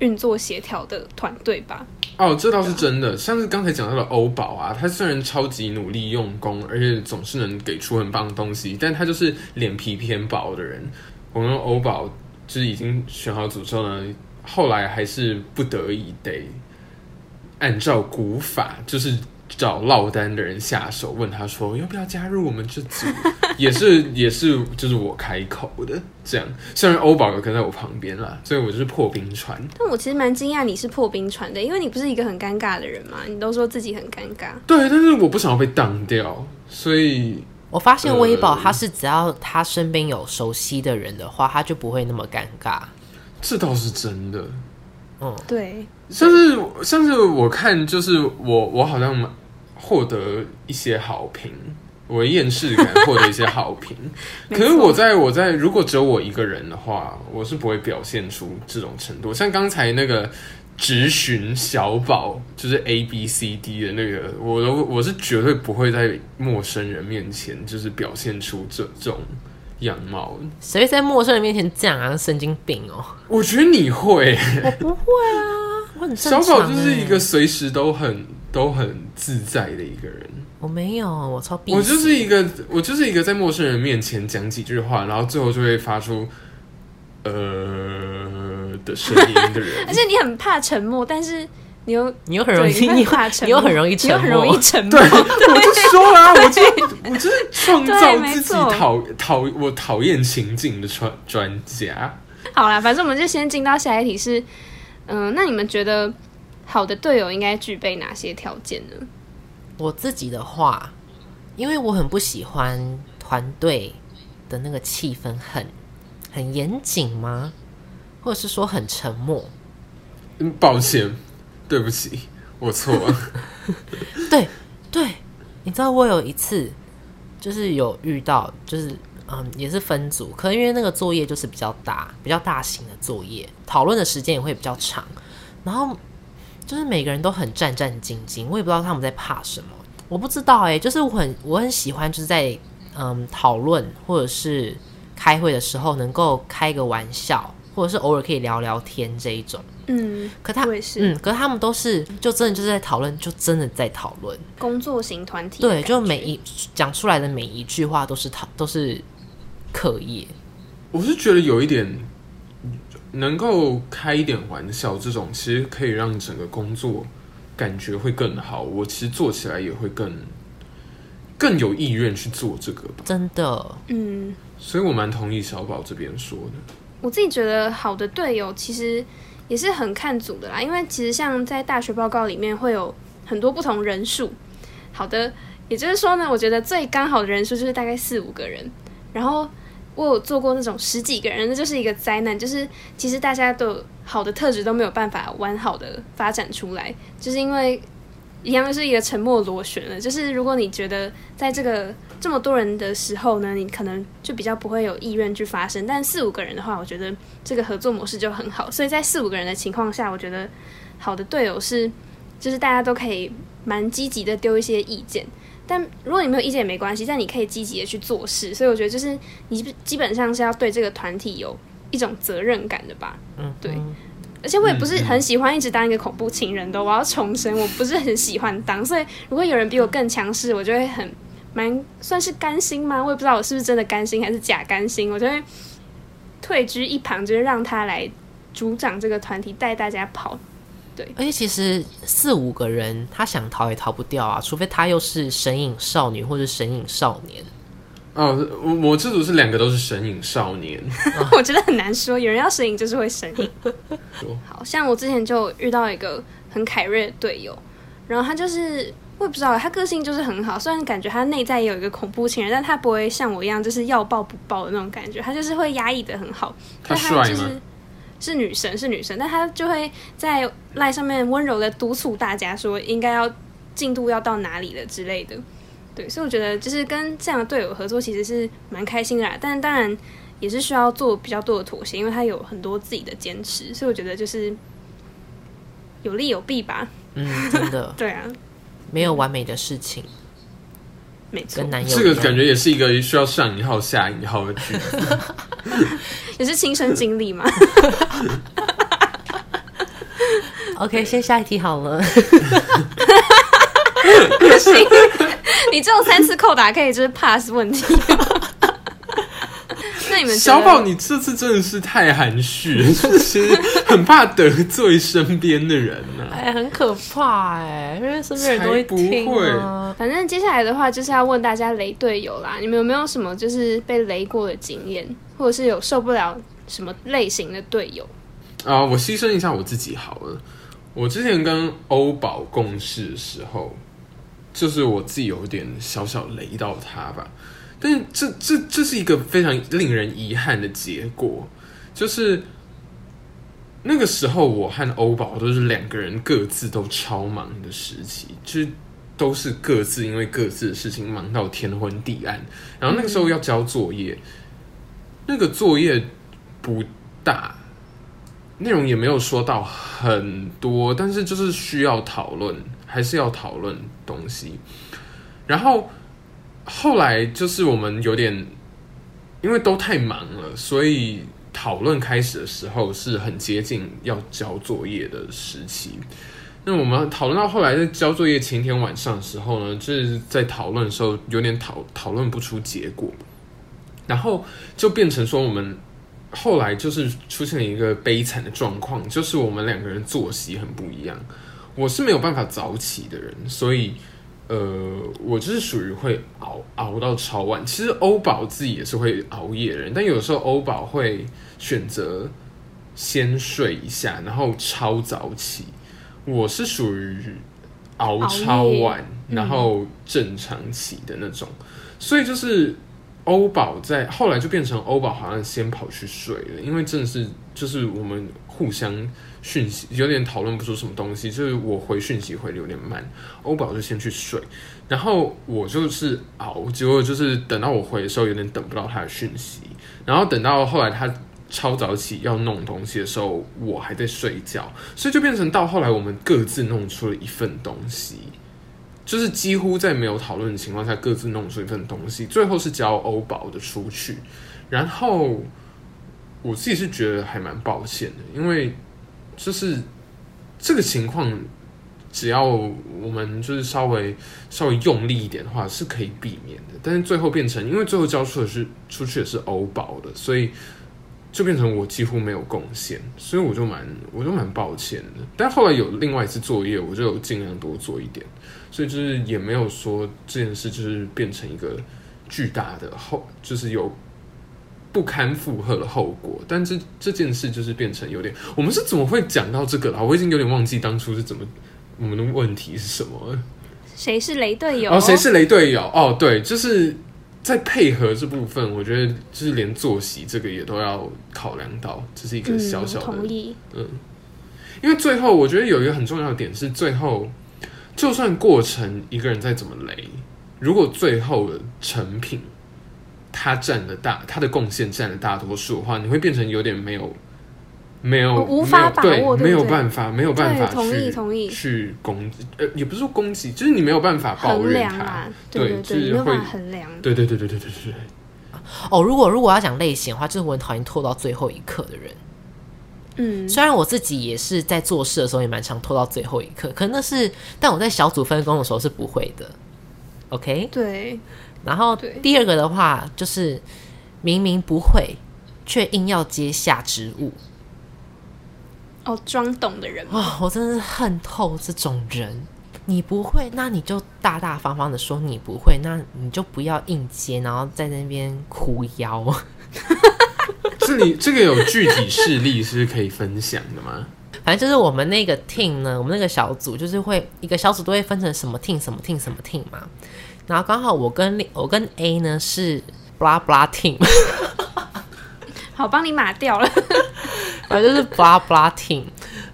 運作協調的團隊吧。哦，這倒是真的，對吧。像是剛才講到的歐寶啊，他雖然超級努力用功，而且總是能給出很棒的東西，但他就是臉皮偏薄的人。我們歐寶就是已經選好組成了，後來還是不得已得按照古法，就是。找落單的人下手，問他說要不要加入我們這組，也是也是就是我開口的這樣，雖然歐寶有跟在我旁邊啦，所以我就是破冰船。但我其實蠻驚訝你是破冰船的，因為你不是一個很尷尬的人嘛，你都說自己很尷尬。對，但是我不想要被當掉，所以我發現威寶他是只要他身邊有熟悉的人的話，他就不會那麼尷尬。呃，這倒是真的，嗯，對。像是像是我看，就是我我好像獲得一些好評，我的厭世感獲得一些好評。 可是我在我在如果只有我一個人的話，我是不會表現出這種程度。像剛才那個質詢小寶，就是 A B C D 的那個，我我我是絕對不會在陌生人面前就是表現出這種樣貌。誰在陌生人面前這樣啊？神經病哦、喔！我覺得你會、欸，我不會啊。小寶就是一個隨時都很都很自在的一個人。我沒有，我超我就是一個我就是一個在陌生人面前講幾句話，然後最後就會發出呃的聲音的人。而且你很怕沉默，但是你又你又很容易你又很容易沉默，容易沉默。對，我就說了，我就我就是創造自己討討我討厭情境的專專家。好啦，反正我們就先進到下一題是。嗯、呃，那你們覺得好的隊友應該具備哪些條件呢？我自己的話，因為我很不喜歡團隊的那個氣氛很很嚴謹嗎？或者是說很沉默？嗯，抱歉，對不起，我錯了。 對對，你知道我有一次就是有遇到就是。嗯，也是分組，可能因為那個作業就是比較大、比較大型的作業，討論的時間也會比較長。然後就是每個人都很戰戰兢兢，我也不知道他們在怕什麼。我不知道哎、欸，就是我很我很喜歡就是在嗯討論或者是開會的時候能夠開個玩笑，或者是偶爾可以聊聊天這一種。嗯，可他是嗯，可他們都是就真的就是在討論，就真的在討論工作型團體。對，就每一講出來的每一句話都是討都是。可以，我是覺得有一點能夠開一點玩笑，這種其實可以讓整個工作感覺會更好。我其實做起來也會更更有意願去做這個。真的，嗯，所以我蠻同意小寶這邊說的。我自己覺得好的隊友其實也是很看組的啦，因為其實像在大學報告裡面會有很多不同人數。好的，也就是說呢，我覺得最剛好的人數就是大概四五個人，然後。我有做過那種十幾個人，那就是一個災難，就是其實大家都好的特質都沒有辦法完好的發展出來，就是因為一樣是一個沉默的螺旋了。就是如果你覺得在這個這麼多人的時候呢，你可能就比較不會有意願去發聲。但四五個人的話，我覺得這個合作模式就很好。所以在四五個人的情況下，我覺得好的隊友是，就是大家都可以蠻積極的丟一些意見。但如果你沒有意見也沒關係，但你可以積極的去做事。所以我覺得就是你基本上是要對這個團體有一種責任感的吧。嗯，對、嗯。而且我也不是很喜歡一直當一個恐怖情人的。我要重生，我不是很喜歡當。 所以如果有人比我更強勢，我就會很蠻算是甘心嗎？我也不知道我是不是真的甘心還是假甘心，我就會退居一旁，就是讓他來主掌這個團體，帶大家跑。對，而且其實四五個人，他想逃也逃不掉啊，除非他又是神隱少女或者神隱少年。嗯，oh，我我這組是兩個都是神隱少年。 我覺得很難說，有人要神隱就是會神隱。 好像我之前就遇到一個很凱瑞的隊友，然後他就是我也不知道，他個性就是很好，雖然感覺他內在也有一個恐怖情人，但他不會像我一樣就是要爆不爆的那種感覺，他就是會壓抑得很好。他帥嗎？是女神，是女神，但她就會在賴上面溫柔的督促大家說應該要進度要到哪裡了之類的，對，所以我覺得就是跟這樣的隊友合作其實是蠻開心的啦，但當然也是需要做比較多的妥協，因為她有很多自己的堅持，所以我覺得就是有利有弊吧。嗯，真的。 對啊，沒有完美的事情。個這個感覺也是一個需要上引號下引號的句。 也是親身經歷嗎 ？OK，先下一題好了。不行，你這種三次扣打可以就是 pass 問題。 你們小寶，你這次真的是太含蓄， 是其實很怕得罪身邊的人呢、啊。哎， 很可怕哎、欸，因為身邊人都會聽、啊、不會。反正接下來的話就是要問大家雷隊友啦，你們有沒有什麼就是被雷過的經驗，或者是有受不了什麼類型的隊友？啊，我犧牲一下我自己好了。我之前跟歐寶共事的時候，就是我自己有一點小小雷到他吧。但是這這這是一個非常令人遺憾的結果，就是那個時候我和歐寶都是兩個人各自都超忙的時期，就是都是各自因為各自的事情忙到天昏地暗，然後那個時候要交作業，嗯、那個作業不大，內容也沒有說到很多，但是就是需要討論，還是要討論東西，然後。後來就是我們有點，因為都太忙了，所以討論開始的時候是很接近要交作業的時期。那我們討論到後來，在交作業前一天晚上的時候呢，就是在討論的時候有點討討論不出結果，然後就變成說我們後來就是出現了一個悲慘的狀況，就是我們兩個人作息很不一樣，我是沒有辦法早起的人，所以。呃，我就是屬於會熬熬到超晚。其實歐寶自己也是會熬夜的人，但有時候歐寶會選擇先睡一下，然後超早起。我是屬於熬超晚，嗯、然後正常起的那種。所以就是歐寶在後來就變成歐寶好像先跑去睡了，因為真的是就是我們互相。訊息有點討論不出什麼東西，就是我回訊息回的有點慢，歐寶就先去睡，然後我就是熬，結果就是等到我回的時候有點等不到他的訊息，然後等到後來他超早起要弄東西的時候，我還在睡覺，所以就變成到後來我們各自弄出了一份東西，就是幾乎在沒有討論的情況下各自弄出一份東西，最後是交歐寶的出去，然後我自己是覺得還蠻抱歉的，因為。就是這個情況，只要我們就是稍微稍微用力一點的話，是可以避免的。但是最後變成，因為最後交出的是出去的是歐寶的，所以就變成我幾乎沒有貢獻，所以我就蠻我就蠻抱歉的。但後來有另外一次作業，我就盡量多做一點，所以就是也沒有說這件事就是變成一個巨大的後，就是有。不堪負荷的後果，但這，這件事就是變成有點，我們是怎麼會講到這個了？我已經有點忘記當初是怎麼，我們的問題是什麼？誰是雷隊友？哦，誰是雷隊友？哦、oh,，對，就是在配合這部分，我覺得就是連作息這個也都要考量到，這、就是一個小小的同意，嗯，嗯，因為最後我覺得有一個很重要的點是，最後就算過程一個人再怎麼雷，如果最後的成品，他占了大，他的貢獻占了大多數的話，你會變成有點沒有，沒有、哦、無法把握，對對沒有辦法，沒有辦法去同意去攻擊，呃，也不是說攻擊，就是你沒有辦法抱怨他，對，對，對，對，就是會衡量，對對對對對對對對。哦，如果如果要講類型的話，就是我很討厭拖到最後一刻的人。嗯，雖然我自己也是在做事的時候也蠻常拖到最後一刻，可是那是但我在小組分工的時候是不會的。OK，對。然後對第二個的話，就是明明不會，卻硬要接下職務。哦，裝懂的人哦，我真的是恨透這種人！你不會，那你就大大方方的說你不會，那你就不要硬接，然後在那邊哭腰。 這裡這個有具體事例是，是可以分享的嗎？反正就是我們那個 team 呢，我們那個小組就是會一個小組都會分成什麼 team 什麼 team 什麼 team te 嘛。然後剛好我跟我跟 A 呢是布拉布拉 team， 好幫你碼掉了，反 正、啊、就是布拉布拉 team。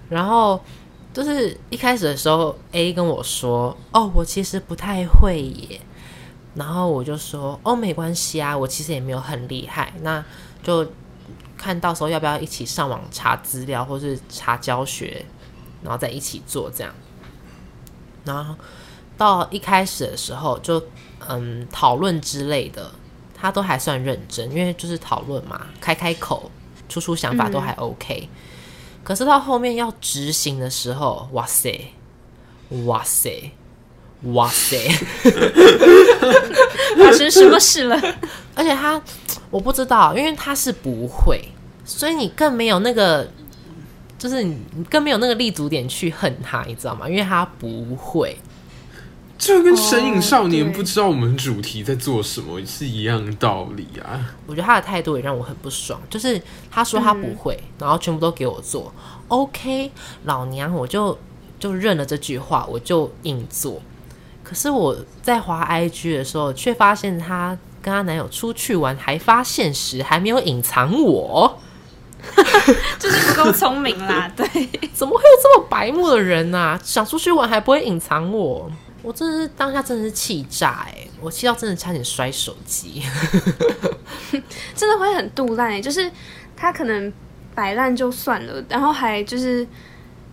然後就是一開始的時候，A 跟我說：“哦，我其實不太會耶。”然後我就說：“哦，沒關係啊，我其實也沒有很厲害，那就看到時候要不要一起上網查資料，或是查教學，然後再一起做這樣。”然後。到一開始的時候就，就嗯討論之類的，他都還算認真，因為就是討論嘛，開開口出出想法都還 OK、嗯。可是到後面要執行的時候，哇塞，哇塞，哇塞，發生什麼事了？ 而且他我不知道，因為他是不會，所以你更沒有那個，就是你更沒有那個立足點去恨他，你知道嗎？因為他不會。這跟神隱少年不知道我們主題在做什麼是一樣的道理啊！Oh, 對我覺得他的態度也讓我很不爽，就是他說他不會，嗯、然後全部都給我做。OK，老娘我就就認了這句話，我就硬做。可是我在滑 IG 的時候，卻發現她跟她男友出去玩，還發現時還沒有隱藏我， 就是不夠聰明啦！對， 怎麼會有這麼白目的人啊，想出去玩還不會隱藏我？我真的是當下真的是氣炸欸！我氣到真的差點摔手機， 真的會很肚爛欸！就是他可能擺爛就算了，然後還就是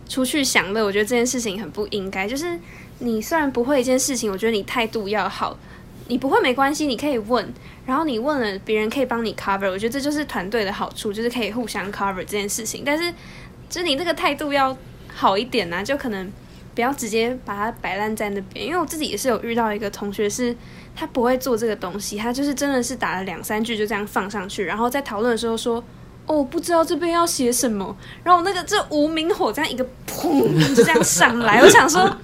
出去享樂，我覺得這件事情很不應該。就是你雖然不會一件事情，我覺得你態度要好，你不會沒關係，你可以問，然後你問了別人可以幫你 cover。我覺得這就是團隊的好處，就是可以互相 cover 這件事情。但是，就你那個態度要好一點啊，就可能。不要直接把他擺爛在那邊，因為我自己也是有遇到一個同學是，是他不會做這個東西，他就是真的是打了兩三句就這樣放上去，然後在討論的時候說：“哦，我不知道這邊要寫什麼。”然後那個這無名火，這樣一個砰就這樣上來，我想說，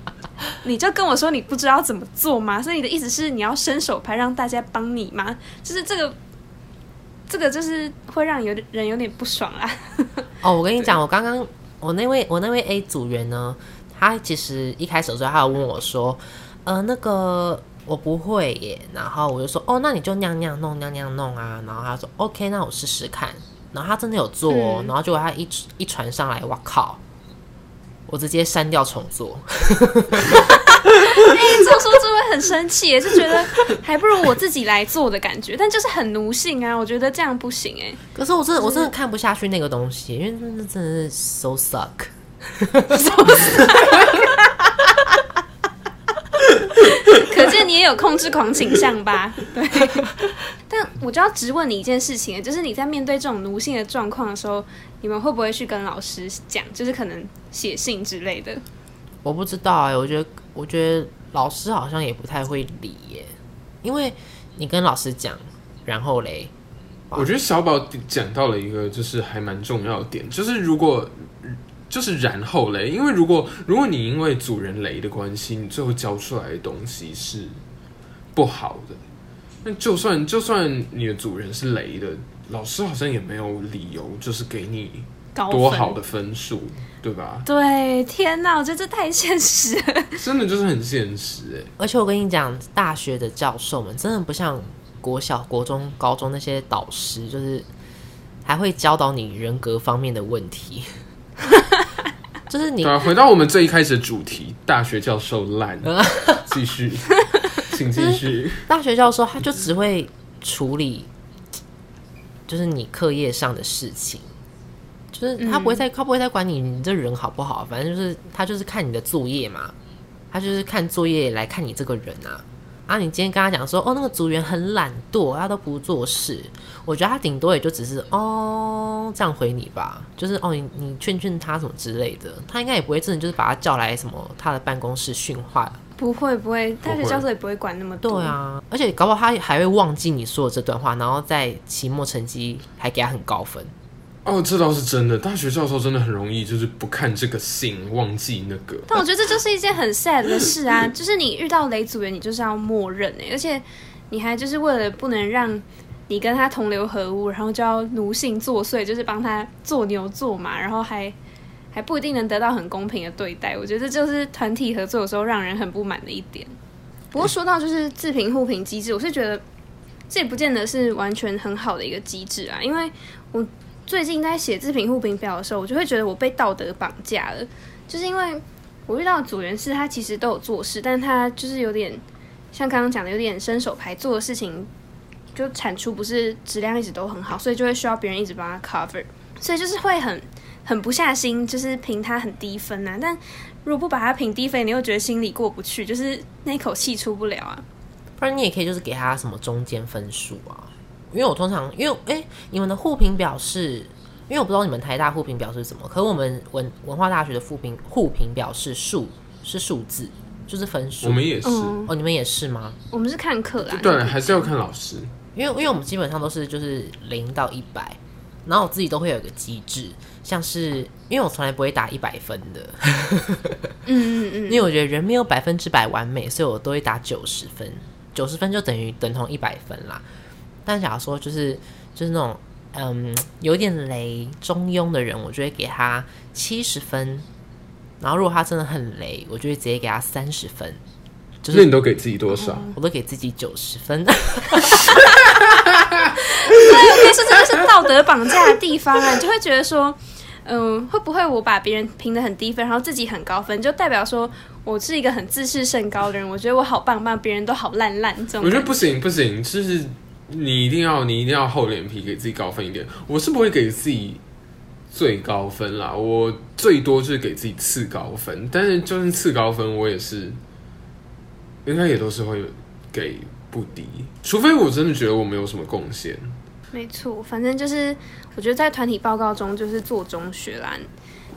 你就跟我說你不知道怎麼做嗎？所以你的意思是你要伸手牌讓大家幫你嗎？就是這個，這個就是會讓有人有點不爽啊。哦，我跟你講。對我剛剛我那位我那位 A 組員呢？他其實一開始的時候，他有問我說：“呃，那個我不會耶。”然後我就說：“哦，那你就那樣那樣弄那樣弄啊。”然後他說：“OK，那我試試看。”然後他真的有做，嗯、然後結果他一一傳上來，我靠！我直接刪掉重做。哎、 欸，做說租會很生氣也是覺得還不如我自己來做的感覺。但就是很奴性啊，我覺得這樣不行哎。可是我真的，真的我真的看不下去那個東西，因為真的真的是 so suck。 可見你也有控制狂傾向吧？對，但我就要直問你一件事情，就是你在面對這種奴性的狀況的時候，你們會不會去跟老師講？就是可能寫信之類的？我不知道哎、欸，我覺得，我覺得老師好像也不太會理耶、欸，因為你跟老師講，然後嘞，我覺得小寶講到了一個就是還蠻重要的點，就是如果。就是然後雷，因為如果，如果你因為主人雷的關係，你最後教出來的東西是不好的，那就算，就算你的主人是雷的，老師好像也沒有理由就是給你多好的分數、高分。對吧？對，天哪，我覺得這太現實了，真的就是很現實哎、欸。而且我跟你講，大學的教授們真的不像國小、國中、高中那些導師，就是還會教導你人格方面的問題。 就是你、對啊。回到我們最一開始的主題，大學教授爛，繼 續，請繼續。 大學教授，他就只會處理，就是你課業上的事情，就是他不會再，嗯、他不會再管你你這個人好不好，反正就是他就是看你的作業嘛，他就是看作業來看你這個人啊。啊，你今天跟他講說，哦，那個組員很懶惰，他都不做事。我覺得他頂多也就只是哦，這樣回你吧，就是哦，你你勸勸他什麼之類的，他應該也不會真的就是把他叫來什麼他的辦公室訓話不。不會不會，大學教授也不會管那麼多。對啊，而且搞不好他還會忘記你說的這段話，然後在期末成績還給他很高分。哦，這倒是真的。大學教授真的很容易，就是不看這個信，忘記那個。但我覺得這就是一件很 sad 的事啊，是是就是你遇到雷組員，你就是要默認誒、欸，而且你還就是為了不能讓你跟他同流合污，然後就要奴性作祟，就是幫他做牛做馬，然後還還不一定能得到很公平的對待。我覺得這就是團體合作的時候讓人很不滿的一點。不過說到就是自評互評機制，我是覺得這也不見得是完全很好的一個機制啊，因為我。最近在寫自評互評表的時候，我就會覺得我被道德綁架了，就是因為我遇到的組員是他其實都有做事，但他就是有點像剛剛講的有點伸手牌，做的事情，就產出不是質量一直都很好，所以就會需要別人一直幫他 cover，所以就是會很狠不下心，就是評他很低分吶、啊。但如果不把他評低分，你又覺得心裡過不去，就是那口氣出不了啊。不然你也可以就是給他什麼中間分數啊。因為我通常，因為誒、欸，你們的互評表示，因為我不知道你們台大互評表示什麼，可是我們文文化大學的互評互評表示數是數字，就是分數。我們也是、嗯、哦，你們也是嗎？我們是看課啦。對，還是要看老師。因為因為我們基本上都是就是零到一百，然後我自己都會有一個機制，像是因為我從來不會打一百分的，嗯嗯嗯，因為我覺得人沒有百分之百完美，所以我都會打九十分，九十分就等於等同一百分啦。但假如說就是就是那種嗯有點雷中庸的人，我就會給他七十分。然後如果他真的很雷，我就會直接給他三十分。就是那你都給自己多少？我都給自己九十分。對，OK，是真的是道德綁架的地方啊，你 就會覺得說，嗯、呃，會不會我把別人評得很低分，然後自己很高分，就代表說我是一個很自視甚高的人？我覺得我好棒棒，別人都好爛爛。這種感覺。我覺得不行不行，就是。你一定要，你一定要厚臉皮給自己高分一點。我是不會給自己最高分啦，我最多就是給自己次高分。但是，就算次高分，我也是應該也都是會給不低，除非我真的覺得我沒有什麼貢獻。沒錯，反正就是我覺得在團體報告中，就是做中學啦。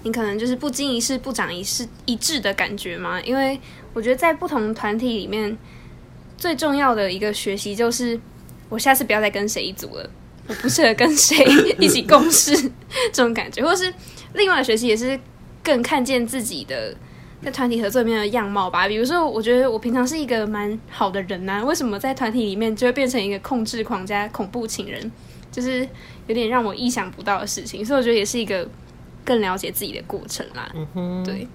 你可能就是不經一事不長一智，一致的感覺嘛。因為我覺得在不同團體裡面，最重要的一個學習就是。我下次不要再跟誰一組了，我不適合跟誰 一起共事，這種感覺，或是另外的學習也是更看見自己的在團體合作裡面的樣貌吧。比如說，我覺得我平常是一個蠻好的人吶、啊，為什麼在團體裡面就會變成一個控制狂加恐怖情人？就是有點讓我意想不到的事情。所以我覺得也是一個更了解自己的過程啦。嗯哼，對，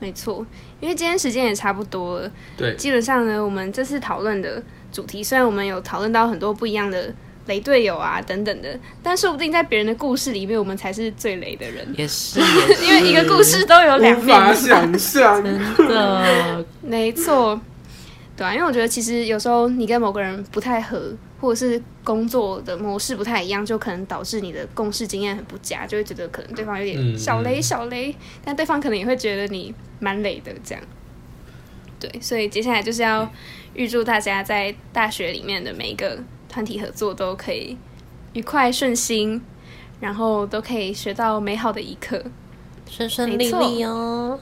沒錯，因為今天時間也差不多了。對，基本上呢，我們這次討論的主題，雖然我們有討論到很多不一樣的雷隊友啊等等的，但說不定在別人的故事裡面，我們才是最雷的人。也是，因為一個故事都有兩面。無法想像。沒錯 的。對啊，因為我覺得其實有時候你跟某個人不太合，或者是工作的模式不太一樣，就可能導致你的共事經驗很不佳，就會覺得可能對方有點小雷小雷，嗯嗯，但對方可能也會覺得你蠻雷的這樣。對，所以接下來就是要預祝大家在大學裡面的每一個團體合作都可以愉快順心，然後都可以學到美好的一課。順順利利哦！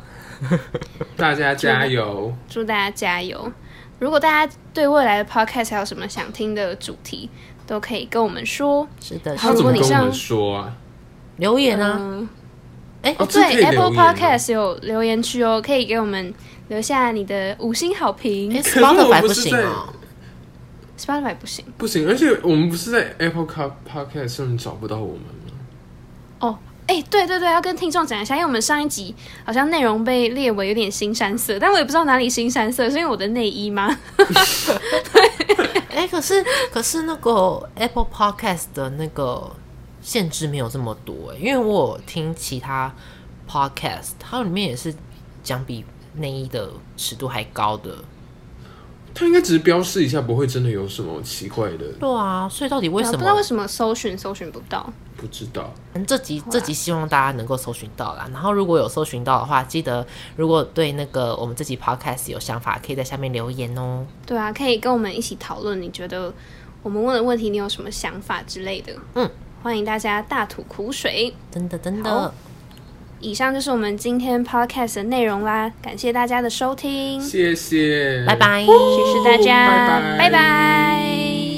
錯大家加油！祝大家加油！如果大家對未來的 Podcast 還有什麼想聽的主題，都可以跟我們說。是的，是的，如果你想說啊，呃、留言啊，哎、欸哦，對、哦啊、Apple Podcast 有留言區哦，可以給我們。留下你的五星好評、欸、，Spotify 不行哦，Spotify 不行，不行，而且我們不是在 Apple Car Podcast 上找不到我們嗎？哦，哎，對對對，要跟聽眾講一下，因為我們上一集好像內容被列為有點新山色，但我也不知道哪裡新山色，是因為我的內衣嗎？ 對。哎、欸，可是可是那個 Apple Podcast 的那個限制沒有這麼多哎、欸，因為我有聽其他 Podcast，它裡面也是講比。內衣的尺度還高的，他應該只是標示一下，不會真的有什麼奇怪的。對啊，所以到底為什麼？不知道為什麼搜尋搜尋不到。不知道。嗯，這集哇這集希望大家能夠搜尋到啦。然後如果有搜尋到的話，記得如果對那個我們這集 Podcast 有想法，可以在下面留言哦。對啊，可以跟我們一起討論。你覺得我們問的問題，你有什麼想法之類的？嗯，歡迎大家大吐苦水。真的，真的，真的。以上就是我們今天 podcast 的內容啦，感謝大家的收聽，謝謝，拜拜，謝謝、哦、大家，拜拜。拜拜拜拜。